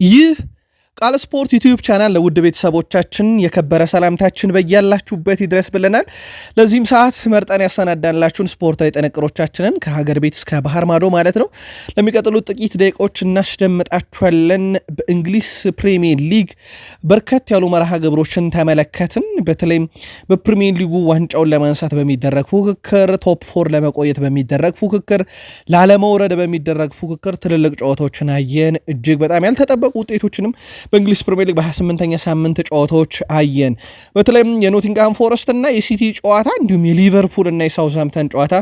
一 ቃል ስፖርት ዩቲዩብ ቻናል ለውድ ቤተሰቦቻችን የከበረ ሰላምታችን በያላችሁበት ይድረስ ብለናል። ለዚህም ሰዓት መርጠን ያሰናዳንላችሁን ስፖርታዊ ጥንቅሮቻችንን ከሀገር ቤት እስከ ባህር ማዶ ማለት ነው ለሚቀጥሉት ጥቂት ደቂቆች እናስደምጣችኋለን። በእንግሊዝ ፕሪሚየር ሊግ በርከት ያሉ መርሃ ግብሮችን ተመለከትን። በተለይም በፕሪሚየር ሊጉ ዋንጫውን ለማንሳት በሚደረግ ፉክክር፣ ቶፕ ፎር ለመቆየት በሚደረግ ፉክክር፣ ላለመውረድ በሚደረግ ፉክክር ትልልቅ ጨዋታዎችን አየን። እጅግ በጣም ያልተጠበቁ ውጤቶችንም በእንግሊዝ ፕሪምየር ሊግ በ28ኛ ሳምንት ጨዋታዎች አየን። በተለይም የኖቲንግሃም ፎረስት እና የሲቲ ጨዋታ እንዲሁም የሊቨርፑል እና የሳውዝሃምተን ጨዋታ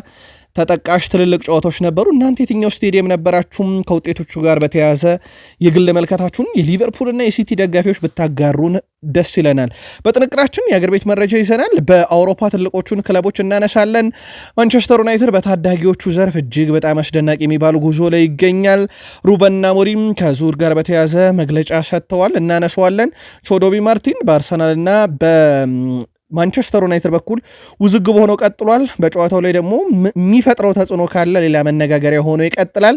ተጠቃሽ ትልልቅ ጨዋታዎች ነበሩ። እናንተ የትኛው ስቴዲየም ነበራችሁም? ከውጤቶቹ ጋር በተያያዘ የግል መልከታችሁን የሊቨርፑልና የሲቲ ደጋፊዎች ብታጋሩን ደስ ይለናል። በጥንቅራችን የአገር ቤት መረጃ ይዘናል። በአውሮፓ ትልቆቹን ክለቦች እናነሳለን። ማንቸስተር ዩናይትድ በታዳጊዎቹ ዘርፍ እጅግ በጣም አስደናቂ የሚባሉ ጉዞ ላይ ይገኛል። ሩበን አሞሪም ከዙር ጋር በተያያዘ መግለጫ ሰጥተዋል፣ እናነሰዋለን። ቾዶቢ ማርቲን በአርሰናልና ማንቸስተር ዩናይትድ በኩል ውዝግብ ሆኖ ቀጥሏል። በጨዋታው ላይ ደግሞ የሚፈጥረው ተጽዕኖ ካለ ሌላ መነጋገሪያ ሆኖ ይቀጥላል።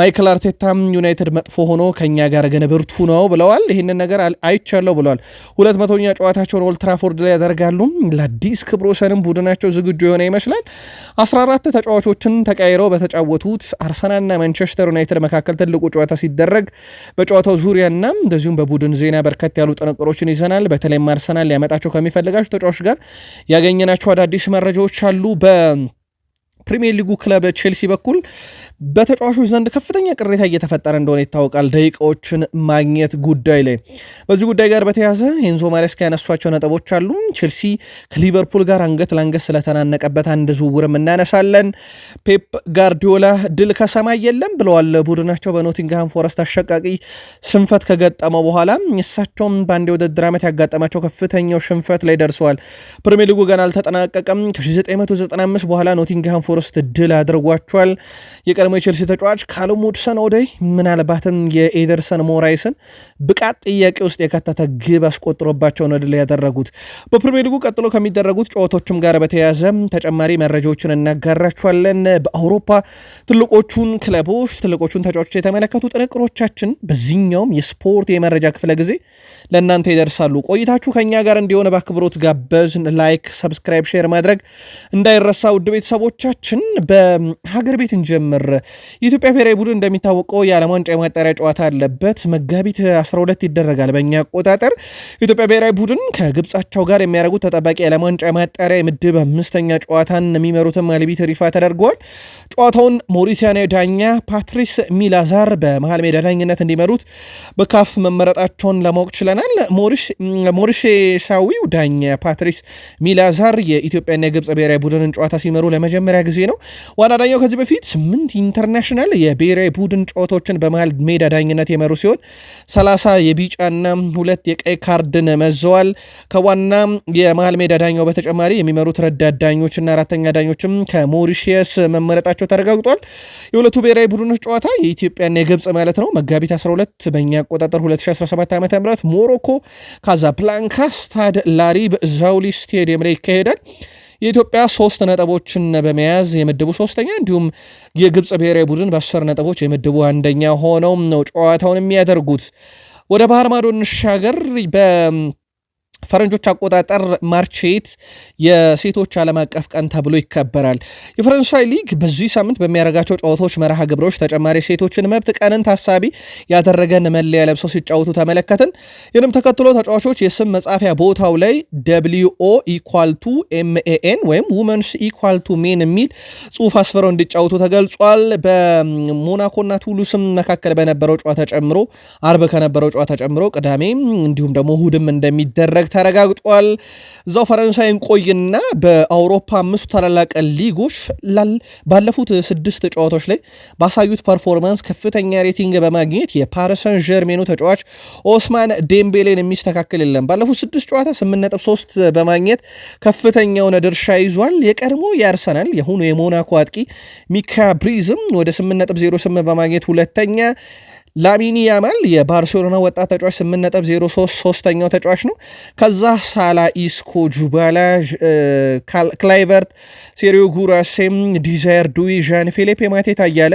ማይክል አርቴታም ዩናይትድ መጥፎ ሆኖ ከእኛ ጋር ግን ብርቱ ነው ብለዋል። ይህንን ነገር አይቻለሁ ብለዋል። ሁለት መቶኛ ጨዋታቸውን ኦልትራፎርድ ላይ ያደርጋሉ። ለአዲስ ክብረ ወሰንም ቡድናቸው ዝግጁ የሆነ ይመስላል። 14 ተጫዋቾችን ተቀያይረው በተጫወቱት አርሰናልና ማንቸስተር ዩናይትድ መካከል ትልቁ ጨዋታ ሲደረግ በጨዋታው ዙሪያና እንደዚሁም በቡድን ዜና በርከት ያሉ ጥንቅሮችን ይዘናል። በተለይም አርሰናል ሊያመጣቸው ከሚፈልጋቸው ተጫዋቾች ጋር ያገኘናቸው አዳዲስ መረጃዎች አሉ በ በፕሪሚየር ሊጉ ክለብ ቼልሲ በኩል በተጫዋቾች ዘንድ ከፍተኛ ቅሬታ እየተፈጠረ እንደሆነ ይታወቃል። ደቂቃዎችን ማግኘት ጉዳይ ላይ በዚህ ጉዳይ ጋር በተያዘ ኤንዞ ማሬስካ ያነሷቸው ነጥቦች አሉ። ቼልሲ ከሊቨርፑል ጋር አንገት ለአንገት ስለተናነቀበት አንድ ዝውውርም እናነሳለን። ፔፕ ጋርዲዮላ ድል ከሰማይ የለም ብለዋል። ቡድናቸው በኖቲንግሃም ፎረስት አሸቃቂ ሽንፈት ከገጠመው በኋላ እሳቸውም በአንድ የውድድር ዓመት ያጋጠማቸው ከፍተኛው ሽንፈት ላይ ደርሰዋል። ፕሪሚየር ሊጉ ገና አልተጠናቀቀም። ከ1995 በኋላ ኖቲንግሃም ፎረስት ውስጥ ድል አድርጓቸዋል። የቀድሞ የቼልሲ ተጫዋች ካሉም ውድሰን ወደይ ምናልባትም የኤደርሰን ሞራይስን ብቃት ጥያቄ ውስጥ የከተተ ግብ አስቆጥሮባቸው ነው ድል ያደረጉት። በፕሪሚየር ሊጉ ቀጥሎ ከሚደረጉት ጨዋታዎችም ጋር በተያያዘ ተጨማሪ መረጃዎችን እናጋራችኋለን። በአውሮፓ ትልቆቹን ክለቦች፣ ትልቆቹን ተጫዋቾች የተመለከቱ ጥንቅሮቻችን በዚህኛውም የስፖርት የመረጃ ክፍለ ጊዜ ለእናንተ ይደርሳሉ። ቆይታችሁ ከእኛ ጋር እንዲሆን በአክብሮት ጋበዝን። ላይክ፣ ሰብስክራይብ፣ ሼር ማድረግ እንዳይረሳ ውድ ቤተሰቦቻችን ቆይታችን በሀገር ቤት እንጀምር። የኢትዮጵያ ብሔራዊ ቡድን እንደሚታወቀው የዓለም ዋንጫ የማጣሪያ ጨዋታ አለበት። መጋቢት 12 ይደረጋል በእኛ አቆጣጠር። የኢትዮጵያ ብሔራዊ ቡድን ከግብጻቸው ጋር የሚያደርጉት ተጠባቂ የዓለም ዋንጫ የማጣሪያ የምድብ አምስተኛ ጨዋታን የሚመሩትን አልቢት ሪፋ ተደርገዋል። ጨዋታውን ሞሪሲያናዊ ዳኛ ፓትሪስ ሚላዛር በመሀል ሜዳ ዳኝነት እንዲመሩት በካፍ መመረጣቸውን ለማወቅ ችለናል። ሞሪሼሳዊው ዳኛ ፓትሪስ ሚላዛር የኢትዮጵያና የግብፅ ብሔራዊ ቡድንን ጨዋታ ሲመሩ ለመጀመሪያ ጊዜ ነው። ዋና ዳኛው ከዚህ በፊት ስምንት ኢንተርናሽናል የብሔራዊ ቡድን ጨዋታዎችን በመሃል ሜዳ ዳኝነት የመሩ ሲሆን ሰላሳ የቢጫና ሁለት የቀይ ካርድን መዘዋል። ከዋና የመሃል ሜዳ ዳኛው በተጨማሪ የሚመሩት ረዳት ዳኞችና አራተኛ ዳኞችም ከሞሪሽየስ መመረጣቸው ተረጋግጧል። የሁለቱ ብሔራዊ ቡድኖች ጨዋታ የኢትዮጵያና የግብፅ ማለት ነው መጋቢት 12 በእኛ አቆጣጠር 2017 ዓ ም ሞሮኮ ካዛብላንካ ስታድ ላሪብ ዛውሊ ስቴዲየም ላይ ይካሄዳል። የኢትዮጵያ ሶስት ነጥቦችን በመያዝ የምድቡ ሶስተኛ እንዲሁም የግብፅ ብሔራዊ ቡድን በአስር ነጥቦች የምድቡ አንደኛ ሆነው ነው ጨዋታውን የሚያደርጉት። ወደ ባህር ማዶ እንሻገር በ ፈረንጆች አቆጣጠር ማርቼት የሴቶች ዓለም አቀፍ ቀን ተብሎ ይከበራል። የፈረንሳይ ሊግ በዚህ ሳምንት በሚያደርጋቸው ጨዋታዎች መርሃ ግብሮች ተጨማሪ ሴቶችን መብት ቀንን ታሳቢ ያደረገን መለያ ለብሰው ሲጫወቱ ተመለከትን። ይህንም ተከትሎ ተጫዋቾች የስም መጻፊያ ቦታው ላይ ደብሊውኦ ኢኳልቱ ኤምኤኤን ወይም ውመንስ ኢኳልቱ ሜን የሚል ጽሑፍ አስፍረው እንዲጫወቱ ተገልጿል። በሞናኮና ቱሉስም መካከል በነበረው ጨዋታ ጨምሮ አርብ ከነበረው ጨዋታ ጨምሮ ቅዳሜ እንዲሁም ደግሞ እሁድም እንደሚደረግ ተረጋግጧል። እዛው ፈረንሳይን ቆይና በአውሮፓ አምስቱ ታላላቅ ሊጎች ባለፉት ስድስት ጨዋታዎች ላይ ባሳዩት ፐርፎርማንስ ከፍተኛ ሬቲንግ በማግኘት የፓሪሰን ጀርሜኑ ተጫዋች ኦስማን ዴምቤሌን የሚስተካከል የለም። ባለፉት ስድስት ጨዋታ ስምንት ነጥብ ሶስት በማግኘት ከፍተኛውን ድርሻ ይዟል። የቀድሞ የአርሰናል የሆኑ የሞናኮ አጥቂ ሚካ ብሪዝም ወደ ስምንት ነጥብ ዜሮ ስምንት በማግኘት ሁለተኛ ላሚኒ ያማል የባርሴሎና ወጣት ተጫዋች 8.03 ሶስተኛው ተጫዋች ነው። ከዛ ሳላ፣ ኢስኮ፣ ጁባላ፣ ክላይቨርት፣ ሴሪዮ ጉራሴም፣ ዲዛይር ዱዊ፣ ዣን ፊሊፕ ማቴታ እያለ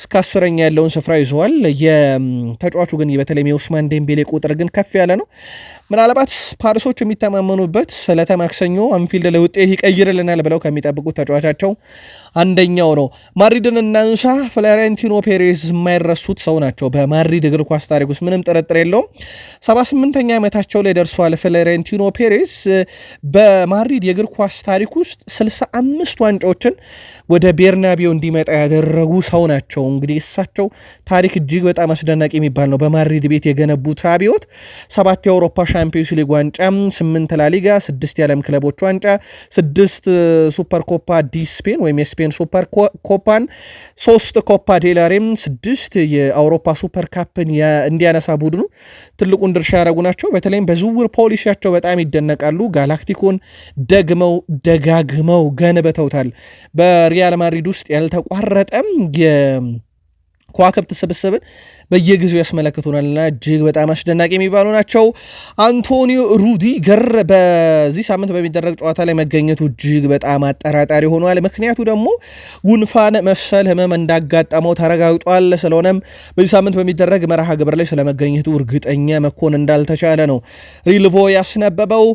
እስከ አስረኛ ያለውን ስፍራ ይዘዋል። የተጫዋቹ ግን በተለይም የኡስማን ዴምቤሌ ቁጥር ግን ከፍ ያለ ነው። ምናልባት ፓሪሶች የሚተማመኑበት ስለተማክሰኞ አንፊልድ ለውጤት ይቀይርልናል ብለው ከሚጠብቁት ተጫዋቻቸው አንደኛው ነው። ማድሪድን እናንሳ። ፍሎሬንቲኖ ፔሬዝ የማይረሱት ሰው ናቸው በማድሪድ እግር ኳስ ታሪክ ውስጥ ምንም ጥርጥር የለውም። 78ኛ ዓመታቸው ላይ ደርሷል። ፍሎሬንቲኖ ፔሬዝ በማድሪድ የእግር ኳስ ታሪክ ውስጥ 65 ዋንጫዎችን ወደ ቤርናቢዮ እንዲመጣ ያደረጉ ሰው ናቸው። እንግዲህ እሳቸው ታሪክ እጅግ በጣም አስደናቂ የሚባል ነው። በማድሪድ ቤት የገነቡት አብዮት ሰባት የአውሮፓ ሻምፒዮንስ ሊግ ዋንጫ፣ ስምንት ላሊጋ፣ ስድስት የዓለም ክለቦች ዋንጫ፣ ስድስት ሱፐር ኮፓ ዲ ስፔን ወይም የስፔን የስፔን ሱፐር ኮፓን፣ ሶስት ኮፓ ዴላሬም፣ ስድስት የአውሮፓ ሱፐር ካፕን እንዲያነሳ ቡድኑ ትልቁን ድርሻ ያደረጉ ናቸው። በተለይም በዝውውር ፖሊሲያቸው በጣም ይደነቃሉ። ጋላክቲኮን ደግመው ደጋግመው ገንብተውታል። በሪያል ማድሪድ ውስጥ ያልተቋረጠም ከዋክብት ስብስብን በየጊዜው ያስመለክቱናልና እጅግ በጣም አስደናቂ የሚባሉ ናቸው። አንቶኒዮ ሩዲገር በዚህ ሳምንት በሚደረግ ጨዋታ ላይ መገኘቱ እጅግ በጣም አጠራጣሪ ሆኗል። ምክንያቱ ደግሞ ጉንፋን መሰል ህመም እንዳጋጠመው ተረጋግጧል። ስለሆነም በዚህ ሳምንት በሚደረግ መርሃ ግብር ላይ ስለመገኘቱ እርግጠኛ መኮን እንዳልተቻለ ነው ሪልቮ ያስነበበው።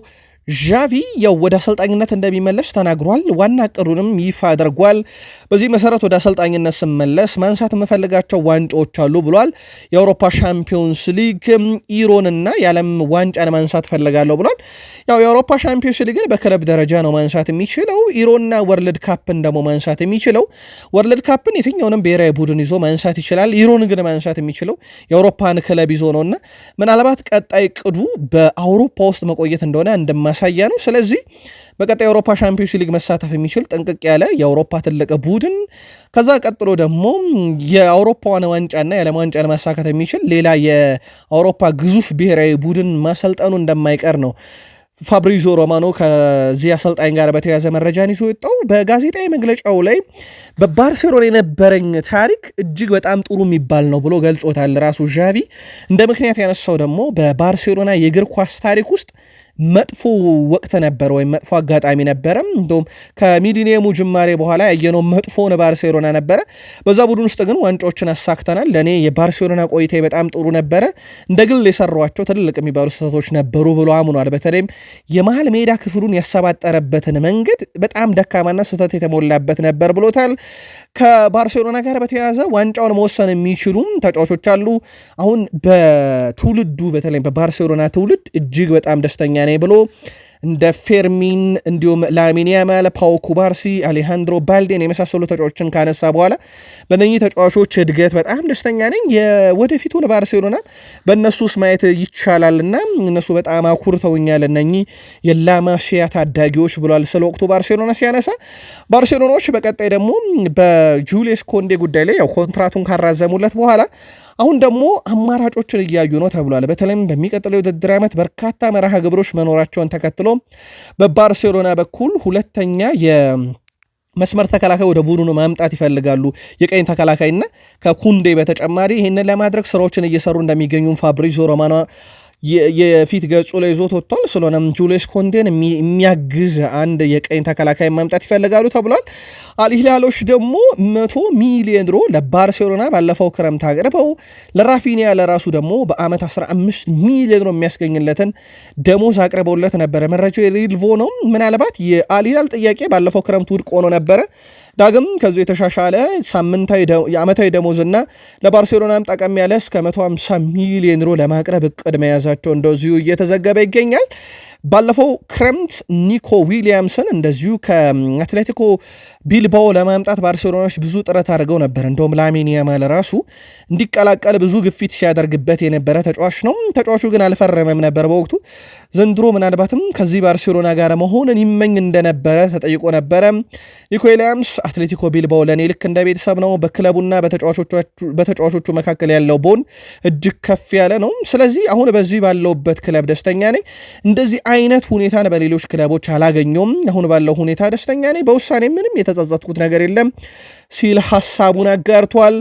ዣቪ ያው ወደ አሰልጣኝነት እንደሚመለስ ተናግሯል። ዋና እቅዱንም ይፋ አድርጓል። በዚህ መሰረት ወደ አሰልጣኝነት ስመለስ ማንሳት የምፈልጋቸው ዋንጫዎች አሉ ብሏል። የአውሮፓ ሻምፒዮንስ ሊግ ኢሮንና የዓለም ዋንጫ ለማንሳት ፈልጋለሁ ብሏል። ያው የአውሮፓ ሻምፒዮንስ ሊግን በክለብ ደረጃ ነው ማንሳት የሚችለው። ኢሮንና ወርልድ ካፕን ደግሞ ማንሳት የሚችለው ወርልድ ካፕን የትኛውንም ብሔራዊ ቡድን ይዞ ማንሳት ይችላል። ኢሮን ግን ማንሳት የሚችለው የአውሮፓን ክለብ ይዞ ነውና ምናልባት ቀጣይ ቅዱ በአውሮፓ ውስጥ መቆየት እንደሆነ እንደማ ማሳያ ነው። ስለዚህ በቀጣይ የአውሮፓ ሻምፒዮንስ ሊግ መሳተፍ የሚችል ጠንቅቅ ያለ የአውሮፓ ትልቅ ቡድን ከዛ ቀጥሎ ደግሞ የአውሮፓን ዋንጫና የዓለም ዋንጫ ለማሳካት የሚችል ሌላ የአውሮፓ ግዙፍ ብሔራዊ ቡድን ማሰልጠኑ እንደማይቀር ነው ፋብሪዞ ሮማኖ ከዚህ አሰልጣኝ ጋር በተያዘ መረጃን ይዞ ወጣው። በጋዜጣዊ መግለጫው ላይ በባርሴሎና የነበረኝ ታሪክ እጅግ በጣም ጥሩ የሚባል ነው ብሎ ገልጾታል። ራሱ ዣቪ እንደ ምክንያት ያነሳው ደግሞ በባርሴሎና የእግር ኳስ ታሪክ ውስጥ መጥፎ ወቅት ነበረ ወይም መጥፎ አጋጣሚ ነበረ። እንዲሁም ከሚሊኒየሙ ጅማሬ በኋላ ያየነው መጥፎውን ባርሴሎና ነበረ። በዛ ቡድን ውስጥ ግን ዋንጫዎችን አሳክተናል። ለእኔ የባርሴሎና ቆይታ በጣም ጥሩ ነበረ። እንደ ግል የሰሯቸው ትልልቅ የሚባሉ ስህተቶች ነበሩ ብሎ አምኗል። በተለይም የመሀል ሜዳ ክፍሉን ያሰባጠረበትን መንገድ በጣም ደካማና ስህተት የተሞላበት ነበር ብሎታል። ከባርሴሎና ጋር በተያያዘ ዋንጫውን መወሰን የሚችሉም ተጫዋቾች አሉ። አሁን በትውልዱ በተለይም በባርሴሎና ትውልድ እጅግ በጣም ደስተኛ ማኔ ብሎ እንደ ፌርሚን እንዲሁም ላሚን ያማል፣ ፓው ኩባርሲ፣ አሌሃንድሮ ባልዴን የመሳሰሉ ተጫዋቾችን ካነሳ በኋላ በእነኚህ ተጫዋቾች እድገት በጣም ደስተኛ ነኝ። የወደፊቱን ባርሴሎና በእነሱ ውስጥ ማየት ይቻላልና እነሱ በጣም አኩርተውኛል እነኚህ የላማሲያ ታዳጊዎች ብሏል። ስለ ወቅቱ ባርሴሎና ሲያነሳ ባርሴሎናዎች በቀጣይ ደግሞ በጁሊየስ ኮንዴ ጉዳይ ላይ ያው ኮንትራቱን ካራዘሙለት በኋላ አሁን ደግሞ አማራጮችን እያዩ ነው ተብሏል። በተለይም በሚቀጥለው የውድድር ዓመት በርካታ መርሃ ግብሮች መኖራቸውን ተከትሎ በባርሴሎና በኩል ሁለተኛ የ መስመር ተከላካይ ወደ ቡድኑ ማምጣት ይፈልጋሉ። የቀኝ ተከላካይና ከኩንዴ በተጨማሪ ይህንን ለማድረግ ስራዎችን እየሰሩ እንደሚገኙም ፋብሪዞ ሮማኖ የፊት ገጹ ላይ ይዞት ወጥቷል። ስለሆነም ጁልስ ኮንዴን የሚያግዝ አንድ የቀኝ ተከላካይ ማምጣት ይፈልጋሉ ተብሏል። አልሂላሎች ደግሞ መቶ ሚሊዮን ሮ ለባርሴሎና ባለፈው ክረምት አቅርበው ለራፊኒያ ለራሱ ደግሞ በአመት 15 ሚሊዮን ሮ የሚያስገኝለትን ደሞዝ አቅርበውለት ነበረ። መረጃው የሪልቮ ነው። ምናልባት የአልሂላል ጥያቄ ባለፈው ክረምት ውድቅ ሆኖ ነበረ። ዳግም ከዚሁ የተሻሻለ ሳምንታዊ የዓመታዊ ደሞዝና ለባርሴሎናም ጠቀም ያለ እስከ 150 ሚሊዮን ዩሮ ለማቅረብ እቅድ መያዛቸው እንደዚሁ እየተዘገበ ይገኛል። ባለፈው ክረምት ኒኮ ዊሊያምስን እንደዚሁ ከአትሌቲኮ ቢልባኦ ለማምጣት ባርሴሎናዎች ብዙ ጥረት አድርገው ነበር። እንደውም ላሚን ያማል ራሱ እንዲቀላቀል ብዙ ግፊት ሲያደርግበት የነበረ ተጫዋች ነው። ተጫዋቹ ግን አልፈረመም ነበር በወቅቱ። ዘንድሮ ምናልባትም ከዚህ ባርሴሎና ጋር መሆንን ይመኝ እንደነበረ ተጠይቆ ነበረ ኒኮ ዊሊያምስ አትሌቲኮ ቢልባው ለእኔ ልክ እንደ ቤተሰብ ነው። በክለቡና በተጫዋቾቹ መካከል ያለው ቦን እጅግ ከፍ ያለ ነው። ስለዚህ አሁን በዚህ ባለውበት ክለብ ደስተኛ ነኝ። እንደዚህ አይነት ሁኔታን በሌሎች ክለቦች አላገኘውም። አሁን ባለው ሁኔታ ደስተኛ ነኝ። በውሳኔ ምንም የተጸጸትኩት ነገር የለም ሲል ሀሳቡን አጋርቷል።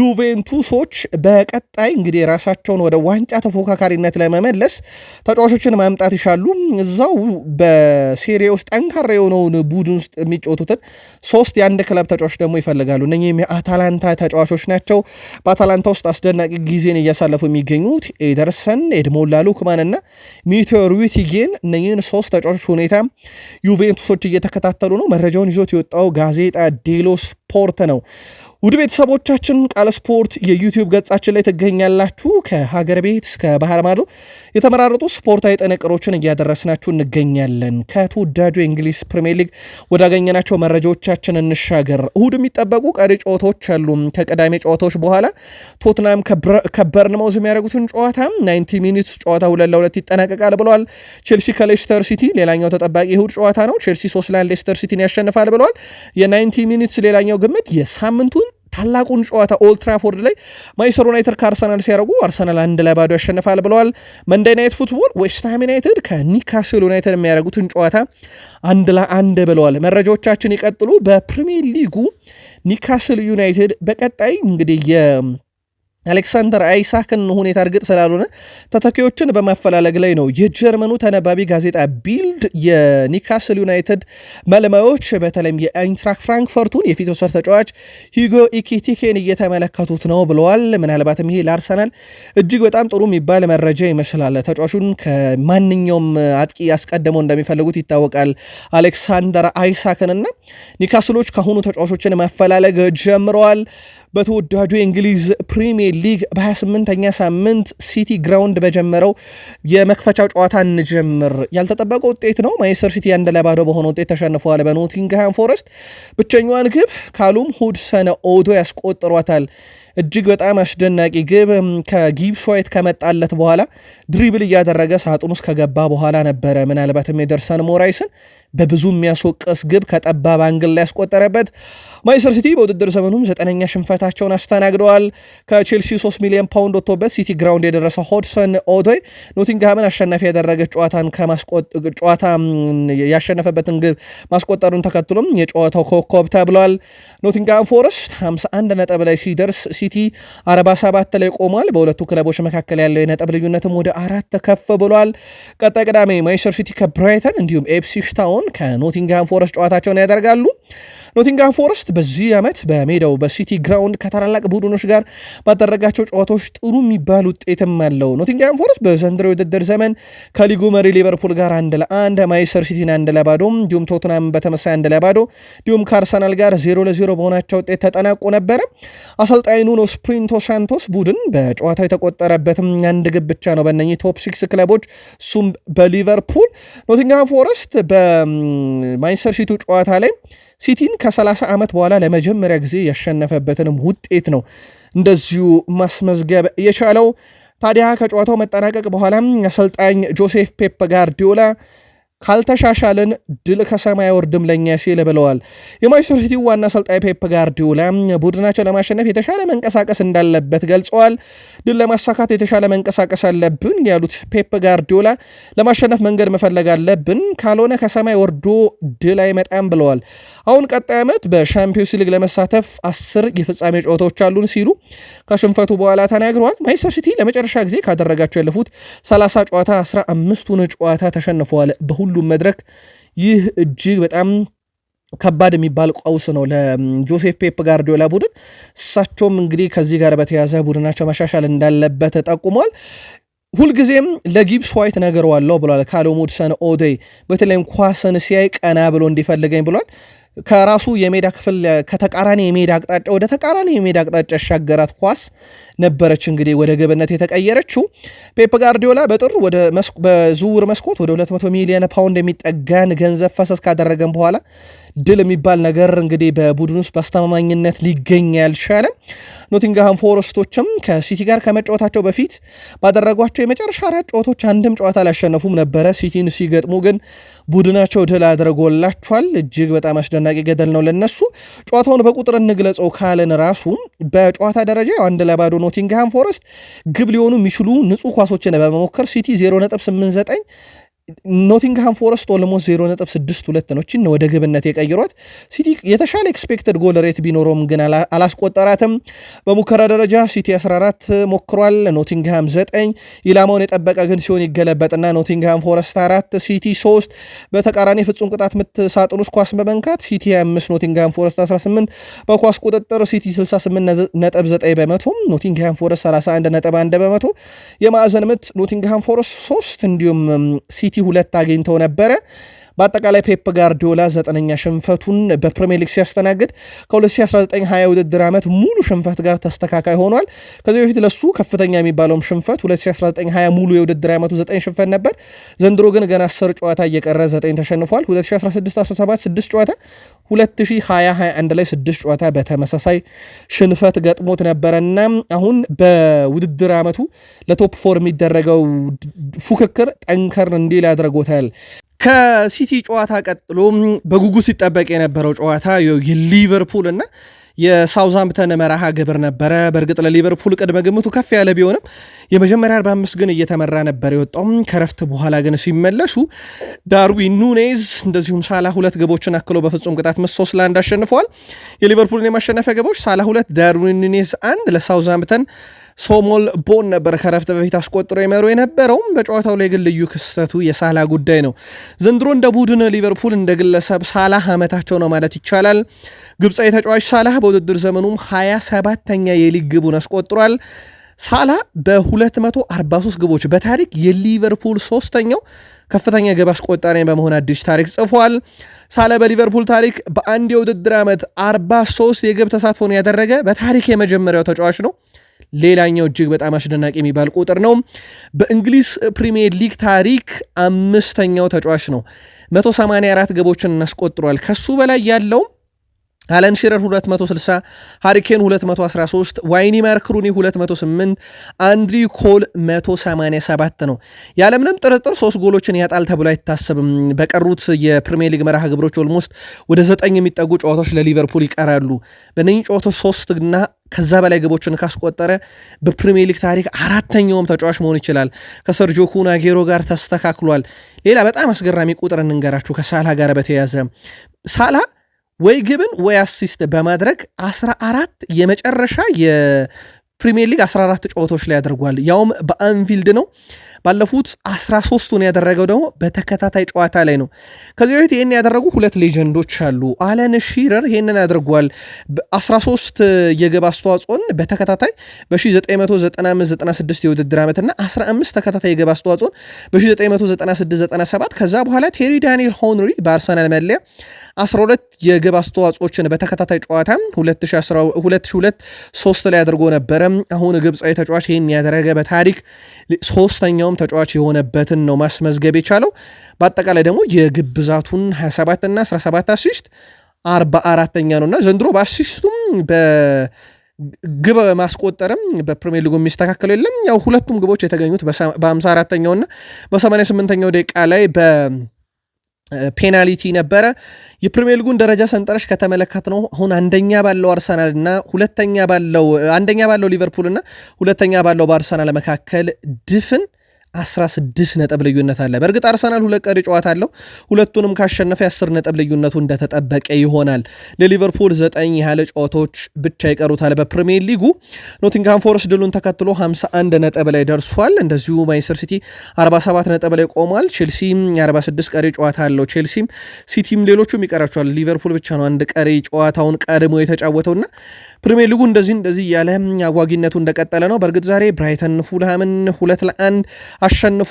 ዩቬንቱሶች በቀጣይ እንግዲህ የራሳቸውን ወደ ዋንጫ ተፎካካሪነት ለመመለስ ተጫዋቾችን ማምጣት ይሻሉ። እዛው በሴሪ ውስጥ ጠንካራ የሆነውን ቡድን ውስጥ የሚጫወቱትን ሶስት ውስጥ የአንድ ክለብ ተጫዋች ደግሞ ይፈልጋሉ። እነኚህም የአታላንታ ተጫዋቾች ናቸው። በአታላንታ ውስጥ አስደናቂ ጊዜን እያሳለፉ የሚገኙት ኤደርሰን፣ ኤድሞላ ሉክማን እና ሚቴዎር ዊቲጌን እነኚህን ሶስት ተጫዋቾች ሁኔታ ዩቬንቱሶች እየተከታተሉ ነው። መረጃውን ይዞት የወጣው ጋዜጣ ዴሎ ስፖርት ነው። ውድ ቤተሰቦቻችን ቃል ስፖርት የዩቲዩብ ገጻችን ላይ ትገኛላችሁ። ከሀገር ቤት እስከ ባህር ማዶ የተመራረጡ ስፖርታዊ ጥንቅሮችን እያደረስናችሁ እንገኛለን። ከተወዳጁ የእንግሊዝ ፕሪሚየር ሊግ ወዳገኘናቸው መረጃዎቻችን እንሻገር። እሁድ የሚጠበቁ ቀሪ ጨዋታዎች አሉ። ከቅዳሜ ጨዋታዎች በኋላ ቶትናም ከበርንማውዝ የሚያደርጉትን ጨዋታ 90 ሚኒትስ ጨዋታ ሁለት ለሁለት ይጠናቀቃል ብለዋል። ቼልሲ ከሌስተር ሲቲ ሌላኛው ተጠባቂ እሁድ ጨዋታ ነው። ቼልሲ ሶስት ለአንድ ሌስተር ሲቲን ያሸንፋል ብለዋል። የ90 ሚኒትስ ሌላኛው ግምት የሳምንቱን ታላቁን ጨዋታ ኦልትራፎርድ ላይ ማንችስተር ዩናይትድ ከአርሰናል ሲያደርጉ አርሰናል አንድ ላይ ባዶ ያሸንፋል ብለዋል። መንደይ ናይት ፉትቦል ዌስትሃም ዩናይትድ ከኒካስል ዩናይትድ የሚያደርጉትን ጨዋታ አንድ ለአንድ ብለዋል። መረጃዎቻችን ይቀጥሉ። በፕሪሚየር ሊጉ ኒካስል ዩናይትድ በቀጣይ እንግዲህ አሌክሳንደር አይሳክን ሁኔታ እርግጥ ስላልሆነ ተተኪዎችን በማፈላለግ ላይ ነው። የጀርመኑ ተነባቢ ጋዜጣ ቢልድ የኒካስል ዩናይትድ መልማዮች በተለይም የአይንትራክ ፍራንክፈርቱን የፊት ወሰር ተጫዋች ሂጎ ኢኪቲኬን እየተመለከቱት ነው ብለዋል። ምናልባትም ይሄ ለአርሰናል እጅግ በጣም ጥሩ የሚባል መረጃ ይመስላል። ተጫዋቹን ከማንኛውም አጥቂ ያስቀድመው እንደሚፈልጉት ይታወቃል። አሌክሳንደር አይሳክንና ኒካስሎች ከአሁኑ ተጫዋቾችን ማፈላለግ ጀምረዋል። በተወዳጁ የእንግሊዝ ፕሪሚየር ሊግ በ28ኛ ሳምንት ሲቲ ግራውንድ በጀመረው የመክፈቻው ጨዋታ እንጀምር። ያልተጠበቀ ውጤት ነው። ማንችስተር ሲቲ አንድ ለባዶ በሆነ ውጤት ተሸንፈዋል በኖቲንግሃም ፎረስት። ብቸኛዋን ግብ ካሉም ሁድሰን ኦዶ ያስቆጥሯታል። እጅግ በጣም አስደናቂ ግብ ከጊብስ ዋይት ከመጣለት በኋላ ድሪብል እያደረገ ሳጥን ውስጥ ከገባ በኋላ ነበረ። ምናልባትም የደርሰን ሞራይስን በብዙ የሚያስወቀስ ግብ ከጠባብ አንግል ላይ ያስቆጠረበት። ማንቸስተር ሲቲ በውድድር ዘመኑም ዘጠነኛ ሽንፈታቸውን አስተናግደዋል። ከቼልሲ 3 ሚሊዮን ፓውንድ ወጥቶበት ሲቲ ግራውንድ የደረሰ ሆድሰን ኦቶይ ኖቲንግሃምን አሸናፊ ያደረገ ጨዋታን ጨዋታ ያሸነፈበትን ግብ ማስቆጠሩን ተከትሎም የጨዋታው ኮከብ ተብሏል። ኖቲንግሃም ፎረስት 51 ነጥብ ላይ ሲደርስ ሲ ሲቲ 47 ላይ ቆሟል። በሁለቱ ክለቦች መካከል ያለው የነጥብ ልዩነትም ወደ አራት ከፍ ብሏል። ቀጣይ ቅዳሜ ማንቸስተር ሲቲ ከብራይተን እንዲሁም ኤፕሲ ሽታውን ከኖቲንግሃም ፎረስት ጨዋታቸውን ያደርጋሉ። ኖቲንግሃም ፎረስት በዚህ ዓመት በሜዳው በሲቲ ግራውንድ ከታላላቅ ቡድኖች ጋር ባደረጋቸው ጨዋታዎች ጥሩ የሚባል ውጤትም አለው። ኖቲንግሃም ፎረስት በዘንድሮ የውድድር ዘመን ከሊጉ መሪ ሊቨርፑል ጋር አንድ ለአንድ፣ ማንቸስተር ሲቲን አንድ ለባዶ እንዲሁም ቶትናም በተመሳይ አንድ ለባዶ እንዲሁም ከአርሰናል ጋር ዜሮ ለዜሮ በሆናቸው ውጤት ተጠናቆ ነበረ። አሰልጣኙ የአሁኑ ስፕሪንቶ ሳንቶስ ቡድን በጨዋታው የተቆጠረበትም አንድ ግብ ብቻ ነው በእነኚህ ቶፕ ሲክስ ክለቦች፣ እሱም በሊቨርፑል። ኖቲንግሃም ፎረስት በማንችስተር ሲቱ ጨዋታ ላይ ሲቲን ከ30 ዓመት በኋላ ለመጀመሪያ ጊዜ ያሸነፈበትንም ውጤት ነው እንደዚሁ ማስመዝገብ የቻለው። ታዲያ ከጨዋታው መጠናቀቅ በኋላም አሰልጣኝ ጆሴፍ ፔፕ ጋርዲዮላ ካልተሻሻልን ድል ከሰማይ ወርድም ለእኛ ሲል ብለዋል። የማንቸስተር ሲቲ ዋና አሰልጣኝ ፔፕ ጋርዲዮላ ቡድናቸው ለማሸነፍ የተሻለ መንቀሳቀስ እንዳለበት ገልጸዋል። ድል ለማሳካት የተሻለ መንቀሳቀስ አለብን ያሉት ፔፕ ጋርዲዮላ ለማሸነፍ መንገድ መፈለግ አለብን፣ ካልሆነ ከሰማይ ወርዶ ድል አይመጣም ብለዋል። አሁን ቀጣይ ዓመት በሻምፒዮንስ ሊግ ለመሳተፍ አስር የፍጻሜ ጨዋታዎች አሉን ሲሉ ከሽንፈቱ በኋላ ተናግረዋል። ማንቸስተር ሲቲ ለመጨረሻ ጊዜ ካደረጋቸው ያለፉት 30 ጨዋታ 15ቱን ጨዋታ ተሸንፈዋል። በሁሉም መድረክ ይህ እጅግ በጣም ከባድ የሚባል ቀውስ ነው ለጆሴፍ ፔፕ ጋርዲዮላ ቡድን። እሳቸውም እንግዲህ ከዚህ ጋር በተያዘ ቡድናቸው መሻሻል እንዳለበት ጠቁሟል። ሁልጊዜም ለጊብስ ዋይት ነገር ዋለው ብሏል። ካሎም ዊልሰን ኦዴይ በተለይም ኳስን ሲያይ ቀና ብሎ እንዲፈልገኝ ብሏል። ከራሱ የሜዳ ክፍል ከተቃራኒ የሜዳ አቅጣጫ ወደ ተቃራኒ የሜዳ አቅጣጫ ያሻገራት ኳስ ነበረች እንግዲህ ወደ ግብነት የተቀየረችው። ፔፕ ጋርዲዮላ በጥር በዝውውር መስኮት ወደ 200 ሚሊዮን ፓውንድ የሚጠጋን ገንዘብ ፈሰስ ካደረገን በኋላ ድል የሚባል ነገር እንግዲህ በቡድን ውስጥ በአስተማማኝነት ሊገኝ ያልቻለ ኖቲንግሃም ፎረስቶችም ከሲቲ ጋር ከመጫወታቸው በፊት ባደረጓቸው የመጨረሻ አራት ጨዋታዎች አንድም ጨዋታ አላሸነፉም ነበረ። ሲቲን ሲገጥሙ ግን ቡድናቸው ድል አድርጎላቸዋል። እጅግ በጣም አስደናቂ ገደል ነው ለነሱ። ጨዋታውን በቁጥር እንግለጸው ካለን ራሱ በጨዋታ ደረጃ አንድ ለባዶ ኖቲንግሃም ፎረስት ግብ ሊሆኑ የሚችሉ ንጹህ ኳሶችን በመሞከር ሲቲ 89 ኖቲንግሃም ፎረስት ኦልሞስ 0 ኦልሞስት 0.62 ነው። ችን ወደ ግብነት የቀይሯት። ሲቲ የተሻለ ኤክስፔክተድ ጎል ሬት ቢኖረውም ግን አላስቆጠራትም። በሙከራ ደረጃ ሲቲ 14 ሞክሯል፣ ኖቲንግሃም 9። ኢላማውን የጠበቀ ግን ሲሆን ይገለበጥና ኖቲንግሃም ፎረስት 4 ሲቲ 3። በተቃራኒ ፍጹም ቅጣት ምት ሳጥን ውስጥ ኳስ በመንካት ሲቲ 25 ኖቲንግሃም ፎረስት 18። በኳስ ቁጥጥር ሲቲ 68.9 በመቶ፣ ኖቲንግሃም ፎረስት 31 1 በመቶ። የማዕዘን ምት ኖቲንግሃም ፎረስት 3 እንዲሁም ሲቲ ሲቲ ሁለት አግኝተው ነበረ። በአጠቃላይ ፔፕ ጋርዲዮላ ዘጠነኛ ሽንፈቱን በፕሪሚየር ሊግ ሲያስተናግድ ከ2019/20 ውድድር ዓመት ሙሉ ሽንፈት ጋር ተስተካካይ ሆኗል። ከዚህ በፊት ለሱ ከፍተኛ የሚባለውም ሽንፈት 2019/20 ሙሉ የውድድር ዓመቱ 9 ሽንፈት ነበር። ዘንድሮ ግን ገና 10 ጨዋታ እየቀረ 9 ተሸንፏል። 2016/17 6 ጨዋታ፣ 2021 ላይ ስድስት ጨዋታ በተመሳሳይ ሽንፈት ገጥሞት ነበረና አሁን በውድድር ዓመቱ ለቶፕ ፎር የሚደረገው ፉክክር ጠንከር እንዲል ያደርጎታል። ከሲቲ ጨዋታ ቀጥሎ በጉጉት ሲጠበቅ የነበረው ጨዋታ የሊቨርፑል እና የሳውዛምፕተን መርሃ ግብር ነበረ። በእርግጥ ለሊቨርፑል ቅድመ ግምቱ ከፍ ያለ ቢሆንም የመጀመሪያ 45 ግን እየተመራ ነበር የወጣውም። ከረፍት በኋላ ግን ሲመለሱ ዳርዊን ኑኔዝ እንደዚሁም ሳላ ሁለት ግቦችን አክሎ በፍጹም ቅጣት ምት ሶስት ለአንድ አሸንፈዋል። የሊቨርፑልን የማሸነፈ ግቦች ሳላ ሁለት፣ ዳርዊን ኑኔዝ አንድ ለሳውዛምፕተን ሶሞል ቦን ነበር ከረፍት በፊት አስቆጥሮ የመሩ የነበረውም። በጨዋታው ላይ ግን ልዩ ክስተቱ የሳላ ጉዳይ ነው። ዘንድሮ እንደ ቡድን ሊቨርፑል እንደ ግለሰብ ሳላ አመታቸው ነው ማለት ይቻላል። ግብፃዊ ተጫዋች ሳላህ በውድድር ዘመኑም 27ተኛ የሊግ ግቡን አስቆጥሯል። ሳላ በ243 ግቦች በታሪክ የሊቨርፑል ሶስተኛው ከፍተኛ ግብ አስቆጣሪ በመሆን አዲስ ታሪክ ጽፏል። ሳላ በሊቨርፑል ታሪክ በአንድ የውድድር ዓመት 43 የግብ ተሳትፎን ያደረገ በታሪክ የመጀመሪያው ተጫዋች ነው። ሌላኛው እጅግ በጣም አስደናቂ የሚባል ቁጥር ነው። በእንግሊዝ ፕሪሚየር ሊግ ታሪክ አምስተኛው ተጫዋች ነው። 184 ግቦችን አስቆጥሯል። ከሱ በላይ ያለውም አለን ሽረር 260፣ ሃሪኬን 213፣ ዋይኒ ማርክሩኒ 208፣ አንድሪ ኮል 187 ነው። ያለምንም ጥርጥር ሶስት ጎሎችን ያጣል ተብሎ አይታሰብም። በቀሩት የፕሪሚየር ሊግ መርሃ ግብሮች ኦልሞስት ወደ ዘጠኝ የሚጠጉ ጨዋታዎች ለሊቨርፑል ይቀራሉ። በነኝ ጨዋታዎች ሶስት እና ከዛ በላይ ግቦችን ካስቆጠረ በፕሪሚየር ሊግ ታሪክ አራተኛውም ተጫዋች መሆን ይችላል። ከሰርጆ ኩናጌሮ ጋር ተስተካክሏል። ሌላ በጣም አስገራሚ ቁጥር እንንገራችሁ ከሳላ ጋር በተያያዘ ሳላ ወይ ግብን ወይ አሲስት በማድረግ 14 የመጨረሻ የፕሪሚየር ሊግ 14 ጨዋታዎች ላይ ያደርጓል። ያውም በአንፊልድ ነው። ባለፉት 13ቱን ያደረገው ደግሞ በተከታታይ ጨዋታ ላይ ነው። ከዚህ በፊት ይህን ያደረጉ ሁለት ሌጀንዶች አሉ። አለን ሺረር ይህንን ያደርጓል። 13 የግብ አስተዋጽኦን በተከታታይ በ1995/96 የውድድር ዓመትና 15 ተከታታይ የግብ አስተዋጽኦን በ1996/97 ከዛ በኋላ ቴሪ ዳንኤል ሆንሪ በአርሰናል መለያ 12 የግብ አስተዋጽኦችን በተከታታይ ጨዋታ 2002 3 ላይ አድርጎ ነበረ። አሁን ግብፃዊ ተጫዋች ይህን ያደረገ በታሪክ ሶስተኛውም ተጫዋች የሆነበትን ነው ማስመዝገብ የቻለው። በአጠቃላይ ደግሞ የግብ ብዛቱን 27 እና 17 አሲስት 44 ኛ ነው እና ዘንድሮ በአሲስቱም ግብ ማስቆጠርም በፕሪሚየር ሊጉ የሚስተካከሉ የለም። ያው ሁለቱም ግቦች የተገኙት በ54ኛውና በ88ኛው ደቂቃ ላይ በ ፔናልቲ ነበረ። የፕሪሚየር ሊጉን ደረጃ ሰንጠረሽ ከተመለከት ነው አሁን አንደኛ ባለው አርሰናል እና ሁለተኛ ባለው አንደኛ ባለው ሊቨርፑል እና ሁለተኛ ባለው በአርሰናል መካከል ድፍን 16 ነጥብ ልዩነት አለ። በእርግጥ አርሰናል ሁለት ቀሪ ጨዋታ አለው። ሁለቱንም ካሸነፈ የ10 ነጥብ ልዩነቱ እንደተጠበቀ ይሆናል። ለሊቨርፑል 9 ያህል ጨዋታዎች ብቻ ይቀሩታል በፕሪሚየር ሊጉ። ኖቲንግሃም ፎረስት ድሉን ተከትሎ 51 ነጥብ ላይ ደርሷል። እንደዚሁ ማንቸስተር ሲቲ 47 ነጥብ ላይ ቆሟል። ቼልሲም 46 ቀሪ ጨዋታ አለው። ቼልሲም ሲቲም ሌሎቹም ይቀራቸዋል። ሊቨርፑል ብቻ ነው አንድ ቀሪ ጨዋታውን ቀድሞ የተጫወተውና ፕሪሚየር ሊጉ እንደዚህ እንደዚህ ያለ አጓጊነቱ እንደቀጠለ ነው። በእርግጥ ዛሬ ብራይተን ፉልሃምን ሁለት ለአንድ አሸንፎ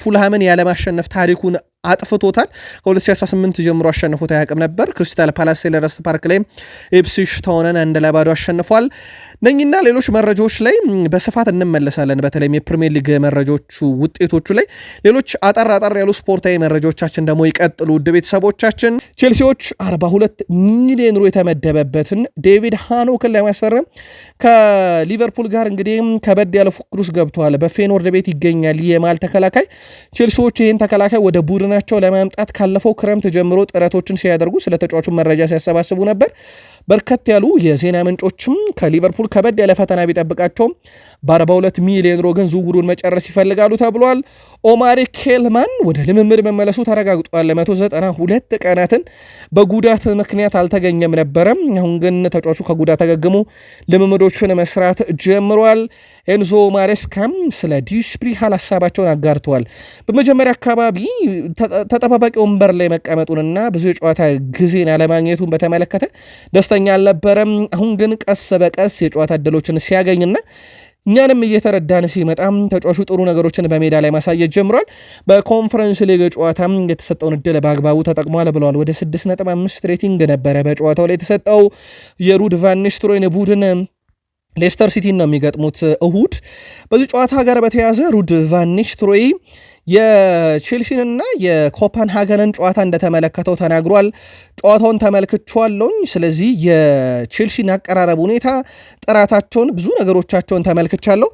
ፉልሃምን ያለማሸነፍ ታሪኩን አጥፍቶታል። ከ2018 ጀምሮ አሸንፎት አያውቅም ነበር። ክሪስታል ፓላስ ኤልረስት ፓርክ ላይ ኤፕሲሽ ታውንን አንድ ለባዶ አሸንፏል። ነኝና ሌሎች መረጃዎች ላይ በስፋት እንመለሳለን። በተለይም የፕሪሚየር ሊግ መረጃዎቹ ውጤቶቹ ላይ ሌሎች አጠር አጠር ያሉ ስፖርታዊ መረጃዎቻችን ደግሞ ይቀጥሉ። ውድ ቤተሰቦቻችን ቼልሲዎች 42 ሚሊዮን ዩሮ የተመደበበትን ዴቪድ ሃኖክን ለማስፈረም ከሊቨርፑል ጋር እንግዲህ ከበድ ያለ ፉክክር ውስጥ ገብተዋል። በፌኖርድ ቤት ይገኛል የማል ተከላካይ ቼልሲዎች ይህን ተከላካይ ወደ ቡድን ቡድናቸው ለማምጣት ካለፈው ክረምት ጀምሮ ጥረቶችን ሲያደርጉ ስለ ተጫዋቹ መረጃ ሲያሰባስቡ ነበር። በርከት ያሉ የዜና ምንጮችም ከሊቨርፑል ከበድ ያለ ፈተና ቢጠብቃቸውም በ42 ሚሊዮን ሮ ግን ዝውውሩን መጨረስ ይፈልጋሉ ተብሏል። ኦማሪ ኬልማን ወደ ልምምድ መመለሱ ተረጋግጧል። ለ192 ቀናትን በጉዳት ምክንያት አልተገኘም ነበረም። አሁን ግን ተጫዋቹ ከጉዳት ተገግሞ ልምምዶችን መስራት ጀምሯል። ኤንዞ ማሬስካም ስለ ዲስፕሊን ሀሳባቸውን አጋርተዋል። በመጀመሪያ አካባቢ ተጠባባቂ ወንበር ላይ መቀመጡንና ብዙ የጨዋታ ጊዜን አለማግኘቱን በተመለከተ ደስታ ደስተኛ አልነበረም። አሁን ግን ቀስ በቀስ የጨዋታ እድሎችን ሲያገኝና እኛንም እየተረዳን ሲመጣም ተጫዋቹ ጥሩ ነገሮችን በሜዳ ላይ ማሳየት ጀምሯል። በኮንፈረንስ ሊግ ጨዋታም የተሰጠውን እድል በአግባቡ ተጠቅሟል ብለዋል። ወደ 6.5 ሬቲንግ ነበረ በጨዋታው ላይ የተሰጠው። የሩድ ቫን ቡድን ሌስተር ሲቲን ነው የሚገጥሙት እሁድ። በዚህ ጨዋታ ጋር በተያያዘ ሩድ ቫን የቼልሲንና የኮፐንሃገንን ጨዋታ እንደተመለከተው ተናግሯል። ጨዋታውን ተመልክቼዋለሁኝ። ስለዚህ የቼልሲን አቀራረብ ሁኔታ፣ ጥራታቸውን፣ ብዙ ነገሮቻቸውን ተመልክቻለሁ።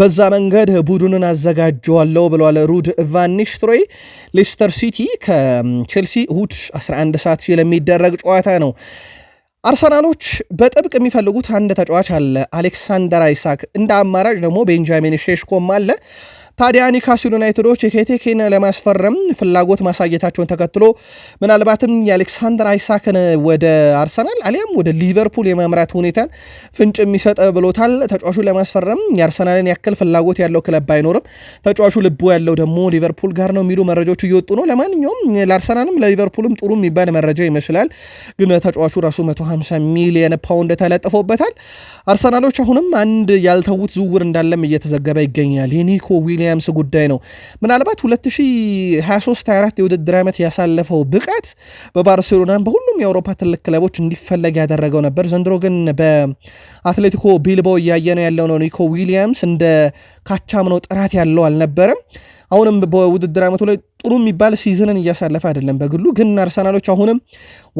በዛ መንገድ ቡድንን አዘጋጀዋለሁ ብለዋል ሩድ ቫኒሽትሮይ። ሌስተር ሲቲ ከቼልሲ እሁድ 11 ሰዓት ሲል የሚደረግ ጨዋታ ነው። አርሰናሎች በጥብቅ የሚፈልጉት አንድ ተጫዋች አለ፣ አሌክሳንደር አይሳክ። እንደ አማራጭ ደግሞ ቤንጃሚን ሼሽኮም አለ። ታዲያ ኒካስል ዩናይትዶች የኬቴኬን ለማስፈረም ፍላጎት ማሳየታቸውን ተከትሎ ምናልባትም የአሌክሳንደር አይሳክን ወደ አርሰናል አሊያም ወደ ሊቨርፑል የማምራት ሁኔታን ፍንጭ የሚሰጥ ብሎታል። ተጫዋቹ ለማስፈረም የአርሰናልን ያክል ፍላጎት ያለው ክለብ አይኖርም ተጫዋቹ ልቡ ያለው ደግሞ ሊቨርፑል ጋር ነው የሚሉ መረጃዎች እየወጡ ነው። ለማንኛውም ለአርሰናልም ለሊቨርፑልም ጥሩ የሚባል መረጃ ይመስላል። ግን ተጫዋቹ ራሱ 150 ሚሊየን ፓውንድ ተለጥፎበታል። አርሰናሎች አሁንም አንድ ያልተዉት ዝውውር እንዳለም እየተዘገበ ይገኛል። የኒኮ ዊሊያ የማያምስ ጉዳይ ነው። ምናልባት 2023/24 የውድድር ዓመት ያሳለፈው ብቃት በባርሴሎናም በሁሉም የአውሮፓ ትልቅ ክለቦች እንዲፈለግ ያደረገው ነበር። ዘንድሮ ግን በአትሌቲኮ ቢልቦ እያየ ነው ያለው ነው። ኒኮ ዊሊያምስ እንደ ካቻምኖ ጥራት ያለው አልነበረም። አሁንም በውድድር ዓመቱ ላይ ጥሩ የሚባል ሲዝንን እያሳለፈ አይደለም። በግሉ ግን አርሰናሎች አሁንም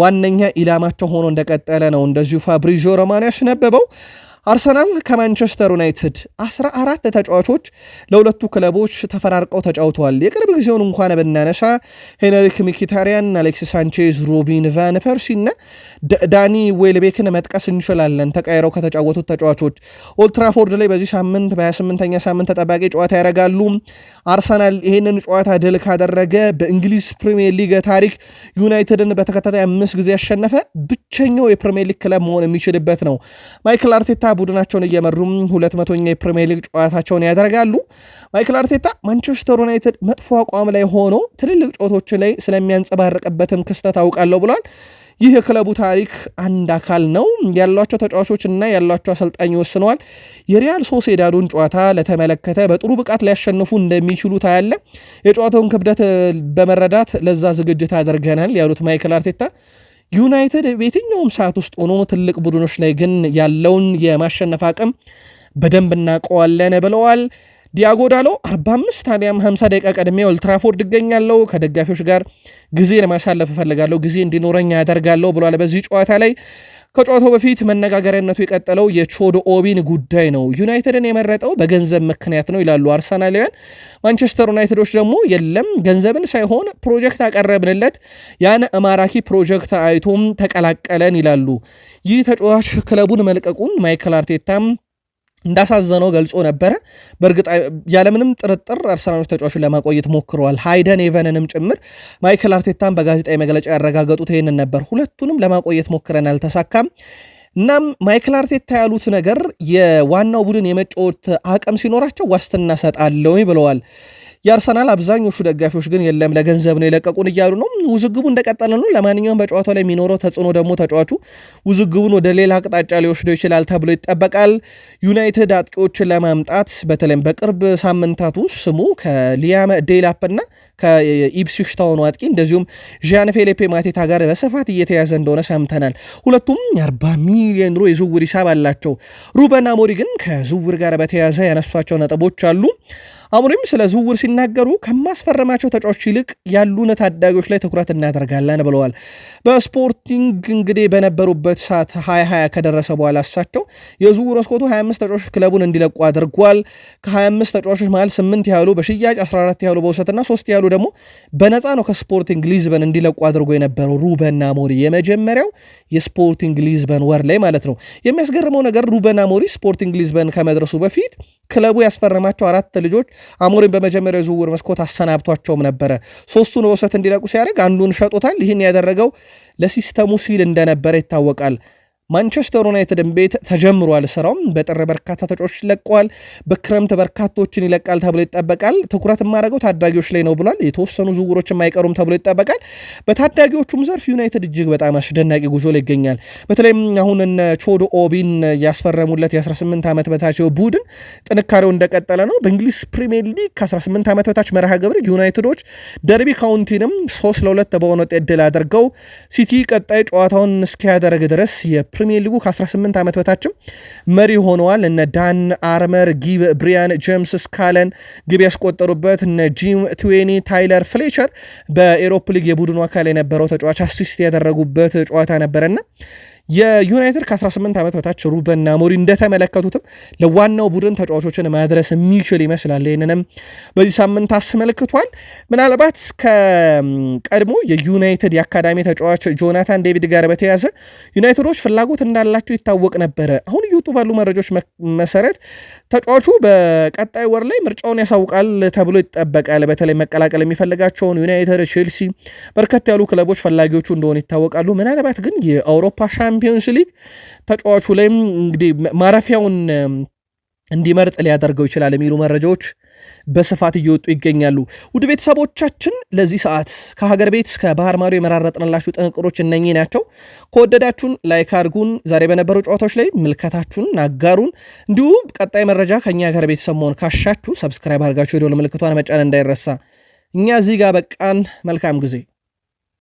ዋነኛ ኢላማቸው ሆኖ እንደቀጠለ ነው። እንደዚሁ ፋብሪዞ ሮማኖ ያስነበበው አርሰናል ከማንቸስተር ዩናይትድ 14 ተጫዋቾች ለሁለቱ ክለቦች ተፈራርቀው ተጫውተዋል። የቅርብ ጊዜውን እንኳን ብናነሳ ሄንሪክ ሚኪታሪያን፣ አሌክስ ሳንቼዝ፣ ሮቢን ቫን እና ዳኒ ዌልቤክን መጥቀስ እንችላለን። ተቀይረው ከተጫወቱት ተጫዋቾች ኦልትራፎርድ ላይ በዚህ ሳምንት በ28ኛ ሳምንት ተጠባቂ ጨዋታ ያደርጋሉ። አርሰናል ይህንን ጨዋታ ድል ካደረገ በእንግሊዝ ፕሪሚየር ሊግ ታሪክ ዩናይትድን በተከታታይ አምስት ጊዜ ያሸነፈ ብቸኛው የፕሪሚየር ሊግ ክለብ መሆን የሚችልበት ነው። ማይክል አርቴታ ቡድናቸውን እየመሩም ሁለት መቶኛ የፕሪሚየር ሊግ ጨዋታቸውን ያደርጋሉ። ማይክል አርቴታ ማንቸስተር ዩናይትድ መጥፎ አቋም ላይ ሆኖ ትልልቅ ጨዋታዎች ላይ ስለሚያንጸባረቅበትም ክስተት አውቃለሁ ብሏል። ይህ የክለቡ ታሪክ አንድ አካል ነው። ያሏቸው ተጫዋቾች እና ያሏቸው አሰልጣኝ ወስነዋል። የሪያል ሶሴዳዱን ጨዋታ ለተመለከተ በጥሩ ብቃት ሊያሸንፉ እንደሚችሉ ታያለ። የጨዋታውን ክብደት በመረዳት ለዛ ዝግጅት አድርገናል ያሉት ማይክል አርቴታ ዩናይትድ በየትኛውም ሰዓት ውስጥ ሆኖ ትልቅ ቡድኖች ላይ ግን ያለውን የማሸነፍ አቅም በደንብ እናውቀዋለን ብለዋል። ዲያጎ ዳሎ 45 ታዲያም 50 ደቂቃ ቀድሜ ኦልትራፎርድ እገኛለሁ። ከደጋፊዎች ጋር ጊዜ ለማሳለፍ እፈልጋለሁ፣ ጊዜ እንዲኖረኝ ያደርጋለሁ ብሏል። በዚህ ጨዋታ ላይ ከጨዋታው በፊት መነጋገሪያነቱ የቀጠለው የቾዶ ኦቢን ጉዳይ ነው። ዩናይትድን የመረጠው በገንዘብ ምክንያት ነው ይላሉ አርሰናላውያን። ማንቸስተር ዩናይትዶች ደግሞ የለም ገንዘብን ሳይሆን ፕሮጀክት አቀረብንለት፣ ያን ማራኪ ፕሮጀክት አይቶም ተቀላቀለን ይላሉ። ይህ ተጫዋች ክለቡን መልቀቁን ማይክል አርቴታም እንዳሳዘነው ገልጾ ነበረ። በእርግጥ ያለምንም ጥርጥር አርሰናሎች ተጫዋቹን ለማቆየት ሞክረዋል፣ ሃይደን ኤቨንንም ጭምር። ማይክል አርቴታን በጋዜጣዊ መግለጫ ያረጋገጡት ይህንን ነበር። ሁለቱንም ለማቆየት ሞክረን አልተሳካም። እናም ማይክል አርቴታ ያሉት ነገር የዋናው ቡድን የመጫወት አቅም ሲኖራቸው ዋስትና ሰጣለሁ ብለዋል። የአርሰናል አብዛኞቹ ደጋፊዎች ግን የለም ለገንዘብ ነው የለቀቁን እያሉ ነው። ውዝግቡ እንደቀጠለ ነው። ለማንኛውም በጨዋታው ላይ የሚኖረው ተጽዕኖ ደግሞ ተጫዋቹ ውዝግቡን ወደ ሌላ አቅጣጫ ሊወስደው ይችላል ተብሎ ይጠበቃል። ዩናይትድ አጥቂዎችን ለማምጣት በተለይም በቅርብ ሳምንታት ውስጥ ስሙ ከሊያም ዴላፕና ከኢፕስዊች ታውኑ አጥቂ እንደዚሁም ዣን ፌሌፔ ማቴታ ጋር በስፋት እየተያዘ እንደሆነ ሰምተናል። ሁለቱም 40 ሚሊዮን ዩሮ የዝውውር ሂሳብ አላቸው። ሩበን አሞሪ ግን ከዝውውር ጋር በተያዘ ያነሷቸው ነጥቦች አሉ። አሞሪም ስለ ዝውውር ሲናገሩ ከማስፈረማቸው ተጫዋች ይልቅ ያሉን ታዳጊዎች ላይ ትኩረት እናደርጋለን ብለዋል። በስፖርቲንግ እንግዲህ በነበሩበት ሰዓት 2020 ከደረሰ በኋላ እሳቸው የዝውውር መስኮቱ 25 ተጫዋቾች ክለቡን እንዲለቁ አድርጓል። ከ25 ተጫዋቾች መሀል 8 ያህሉ በሽያጭ 14 ያህሉ በውሰትና 3 ያህሉ ደግሞ በነፃ ነው ከስፖርቲንግ ሊዝበን እንዲለቁ አድርጎ የነበረው ሩበን አሞሪም የመጀመሪያው የስፖርቲንግ ሊዝበን ወር ላይ ማለት ነው። የሚያስገርመው ነገር ሩበን አሞሪም ስፖርቲንግ ሊዝበን ከመድረሱ በፊት ክለቡ ያስፈረማቸው አራት ልጆች አሞሪን በመጀመሪያው ዝውውር መስኮት አሰናብቷቸውም ነበረ። ሶስቱን በውሰት እንዲለቁ ሲያደርግ አንዱን ሸጦታል። ይህን ያደረገው ለሲስተሙ ሲል እንደነበረ ይታወቃል። ማንቸስተር ዩናይትድን ቤት ተጀምሯል ስራውም። በጥር በርካታ ተጫዋቾች ይለቀዋል፣ በክረምት በርካቶችን ይለቃል ተብሎ ይጠበቃል። ትኩረት የማደርገው ታዳጊዎች ላይ ነው ብሏል። የተወሰኑ ዝውውሮች የማይቀሩም ተብሎ ይጠበቃል። በታዳጊዎቹም ዘርፍ ዩናይትድ እጅግ በጣም አስደናቂ ጉዞ ላይ ይገኛል። በተለይም አሁን እነ ቾዶ ኦቢን ያስፈረሙለት የ18 ዓመት በታች ቡድን ጥንካሬው እንደቀጠለ ነው። በእንግሊዝ ፕሪሚየር ሊግ ከ18 ዓመት በታች መርሃ ግብር ዩናይትዶች ደርቢ ካውንቲንም 3 ለ2 በሆነ ውጤት ድል አድርገው ሲቲ ቀጣይ ጨዋታውን እስኪያደረግ ድረስ በፕሪሚየር ሊጉ ከ18 ዓመት በታችም መሪ ሆነዋል። እነ ዳን አርመር፣ ጊብ ብሪያን፣ ጄምስ ስካለን ግብ ያስቆጠሩበት እነ ጂም ትዌኒ፣ ታይለር ፍሌቸር በኤሮፕ ሊግ የቡድኑ አካል የነበረው ተጫዋች አሲስት ያደረጉበት ጨዋታ ነበረና የዩናይትድ ከ18 ዓመት በታች ሩበን አሞሪም እንደተመለከቱትም ለዋናው ቡድን ተጫዋቾችን ማድረስ የሚችል ይመስላል። ይህንንም በዚህ ሳምንት አስመልክቷል። ምናልባት ከቀድሞ የዩናይትድ የአካዳሚ ተጫዋች ጆናታን ዴቪድ ጋር በተያያዘ ዩናይትዶች ፍላጎት እንዳላቸው ይታወቅ ነበረ። አሁን እየወጡ ባሉ መረጃዎች መሰረት ተጫዋቹ በቀጣይ ወር ላይ ምርጫውን ያሳውቃል ተብሎ ይጠበቃል። በተለይ መቀላቀል የሚፈልጋቸውን ዩናይትድ፣ ቼልሲ፣ በርከት ያሉ ክለቦች ፈላጊዎቹ እንደሆኑ ይታወቃሉ። ምናልባት ግን የአውሮፓ ሻም ቻምፒዮንስ ሊግ ተጫዋቹ ላይም እንግዲህ ማረፊያውን እንዲመርጥ ሊያደርገው ይችላል የሚሉ መረጃዎች በስፋት እየወጡ ይገኛሉ። ውድ ቤተሰቦቻችን ለዚህ ሰዓት ከሀገር ቤት እስከ ባህር ማዶ የመራረጥንላችሁ ጥንቅሮች እነኚህ ናቸው። ከወደዳችሁን ላይክ አድርጉን። ዛሬ በነበሩ ጨዋታዎች ላይ ምልከታችሁን አጋሩን። እንዲሁ ቀጣይ መረጃ ከእኛ ሀገር ቤተሰብ መሆን ካሻችሁ ሰብስክራይብ አድርጋችሁ የደወል ምልክቷን መጫን እንዳይረሳ። እኛ እዚህ ጋር በቃን። መልካም ጊዜ